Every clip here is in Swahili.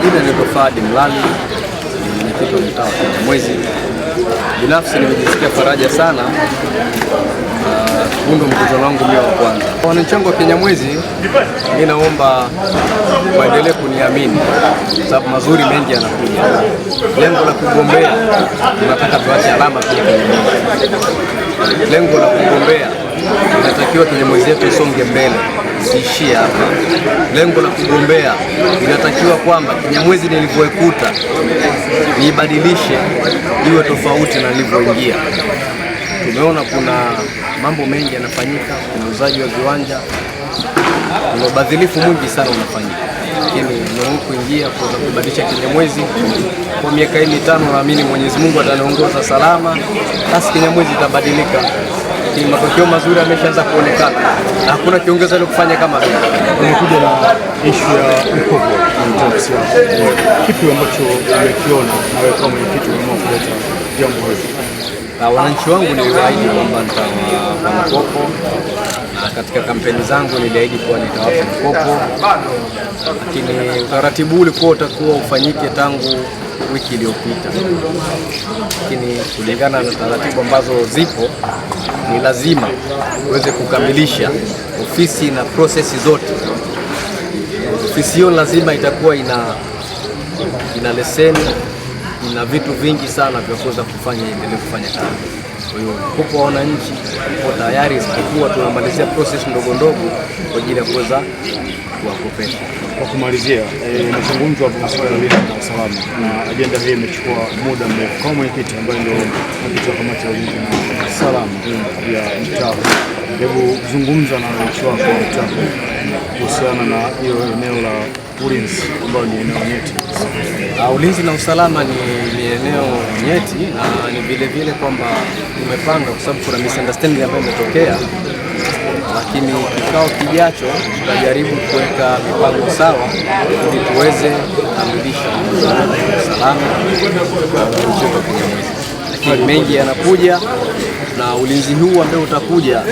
Majina ni Fadi Mlali, ni mwenyekiti wa mtaa wa Kinyamwezi. Binafsi nimejisikia faraja sana hundo uh, mkutano wangu mia wa kwanza. Wananchi wa Kinyamwezi, mimi naomba waendelee kuniamini, sababu mazuri mengi yanakuja. Lengo la kugombea, tunataka tuache alama pia Kinyamwezi. Lengo la kugombea, tunatakiwa Kinyamwezi yetu isonge mbele siishie hapa. Lengo la kugombea inatakiwa kwamba Kinyamwezi nilivyoikuta niibadilishe iwe tofauti na nilivyoingia. Tumeona kuna mambo mengi yanafanyika, kuna uzaji wa viwanja, kuna ubadhilifu mwingi sana unafanyika, lakini kuingia kuweza kubadilisha Kinyamwezi kwa miaka hii mitano, naamini Mwenyezi Mungu ataniongoza salama, basi Kinyamwezi itabadilika matokeo mazuri ameshaanza kuonekana, hakuna kiongeza aliyokufanya kama vile. Umekuja na issue ya mkopo kipi ambacho umekiona na wewe kama mwenyekiti umeamua kuleta jambo hili? Wananchi wangu niliwaahidi kwamba nitawapa mkopo katika kampeni zangu niliahidi kuwa nitawapa mkopo, lakini utaratibu ulikuwa utakuwa ufanyike tangu wiki iliyopita, lakini kulingana na taratibu ambazo zipo ni lazima uweze kukamilisha ofisi na prosesi zote. Ofisi hiyo lazima itakuwa ina, ina leseni, ina vitu vingi sana vya kuweza kufanya endelee kufanya kazi kupo mkopo wa wananchi uko tayari, isipokuwa tunamalizia process ndogo ndogo kwa ajili ya kuweza kuwakopesha. Kwa kumalizia, eh, mazungumzo hapo masuala ya na usalama na ajenda hii imechukua muda mrefu. Kama mwenyekiti ambaye ndio mwenyekiti wa kamati ya ulinzi na usalama ya mtaa, hebu zungumza na wananchi wako wa mtaa kuhusiana na hiyo eneo la ulinzi ambao ni eneo nyeti. Uh, ulinzi na usalama ni, ni eneo nyeti na ni vile vile kwamba tumepanga kwa sababu kuna misunderstanding ambayo imetokea, lakini kikao kijacho tutajaribu kuweka mipango sawa ili tuweze kukamilisha usalama kwenye lakini mengi yanakuja na ulinzi huu ambao utakuja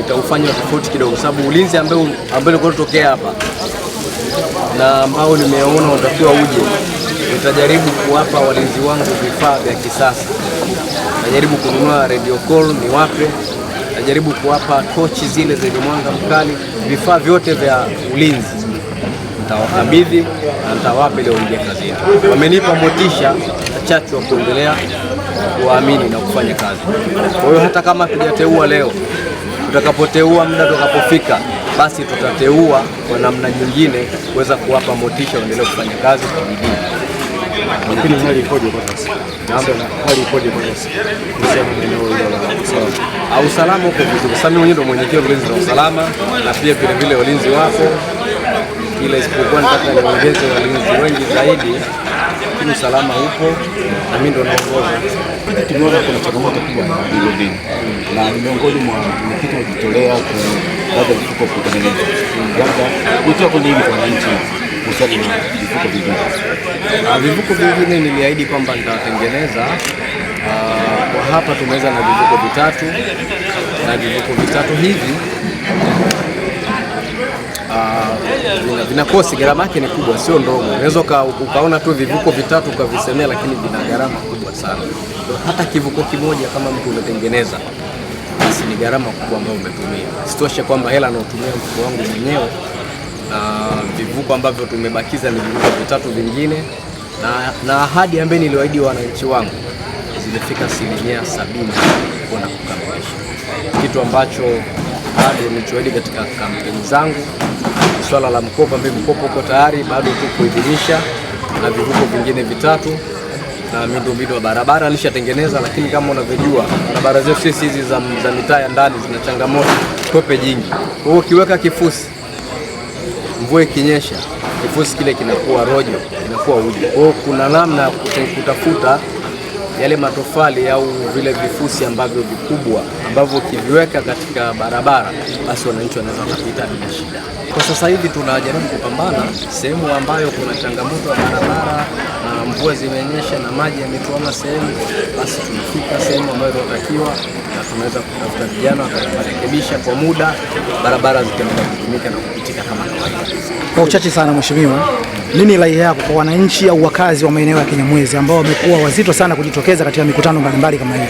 utaufanya tofauti kidogo, sababu ulinzi ambao ambao ulikuwa unatokea hapa na ambao nimeona utakiwa uje, nitajaribu kuwapa walinzi wangu vifaa vya kisasa. Najaribu kununua radio call wape najaribu kuwapa tochi zile zenye mwanga mkali, vifaa vyote vya ulinzi nitawakabidhi na nitawapa leo ingia kazini. Wamenipa motisha chachu wa kuendelea kuwaamini na kufanya kazi. Kwa hiyo hata kama tujateua leo, tutakapoteua muda utakapofika basi tutateua kwa namna nyingine kuweza kuwapa motisha waendelee kufanya kazi kwa bidii. Lakini hali ikoje kwa sasa? Hali ikoje kwa sasa? Au usalama uko vizuri? Sasa mimi mwenyewe ndio mwenyekiti wa ulinzi na usalama na pia vile vile walinzi wapo, ila isipokuwa nataka niongeze walinzi wengi zaidi, lakini usalama upo na mimi ndio naongoza mwenyekiti, tumeona kuna changamoto kubwa ya miundombinu na ni miongoni mwa mwenyekiti wajitolea labda vituko kutengeneza, labda kutoa kwenye hili kwa wananchi kuhusiana na vivuko vingine. Vivuko ah, vingine niliahidi kwamba nitawatengeneza. Kwa ah, hapa tumeweza na vivuko vitatu na vivuko vitatu hivi uh, vinakosi gharama yake ni kubwa, sio ndogo. Unaweza ukaona tu vivuko vitatu ukavisemea, lakini vina gharama kubwa sana. Hata kivuko kimoja kama mtu umetengeneza, basi ni gharama kubwa ambayo umetumia. Sitoshe kwamba hela anaotumia mfuko wangu mwenyewe na vivuko ambavyo tumebakiza ni vivuko vitatu vingine, na, na ahadi ambayo niliwaahidi wananchi wangu zimefika asilimia sabini kwenda kukamilisha, kitu ambacho bado nilichoahidi katika kampeni zangu swala la mkopo, ambaye mkopo uko tayari, bado tu kuidhinisha na vivuko vingine vitatu na miundombinu ya barabara alishatengeneza, lakini kama unavyojua barabara zetu sisi hizi za, za mitaa ya ndani zina changamoto, tope jingi. Kwa hiyo ukiweka kifusi, mvua ikinyesha, kifusi kile kinakuwa rojo, kinakuwa uji. Kwa hiyo kuna namna ya kutafuta yale matofali au vile vifusi ambavyo vikubwa ambavyo ukiviweka katika barabara basi wananchi wanaweza kupita bila shida. Kwa sasa hivi tunajaribu kupambana sehemu ambayo kuna changamoto ya barabara mvua zimenyesha na maji yametuama sehemu, basi tumefika sehemu ambayo tunatakiwa na tumeweza kutafuta vijana wakarekebisha kwa muda, barabara zikaendelea kutumika na kupitika kama kawaida. Kwa uchache sana, Mheshimiwa, nini rai yako kwa wananchi au wakazi wa maeneo ya Kinyamwezi ambao wamekuwa wazito sana kujitokeza katika mikutano mbalimbali kama hii?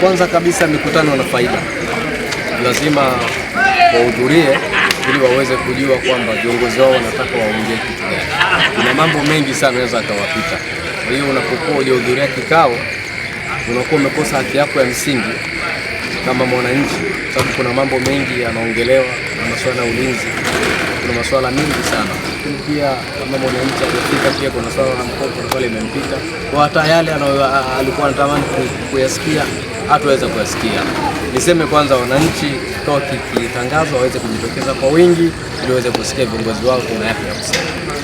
kwanza kabisa mikutano na faida lazima wahudhurie ili waweze kujua kwamba viongozi wao wanataka waongee kitu gani. Kuna mambo mengi sana yanaweza akawapita. Kwa hiyo unapokuwa hujahudhuria kikao, unakuwa umekosa haki yako ya msingi kama mwananchi, sababu kuna mambo mengi yanaongelewa, na masuala ya ulinzi, kuna masuala mengi sana lakini pia kama mwananchi alifika, pia kuna swala la mkopo pale limempita, kwa hata yale alikuwa anatamani kuyasikia hatuweza kuyasikia. Niseme kwanza, wananchi toki kikitangazwa waweze kujitokeza kwa wingi ili waweze kusikia viongozi wao kuna yapi ya kusema.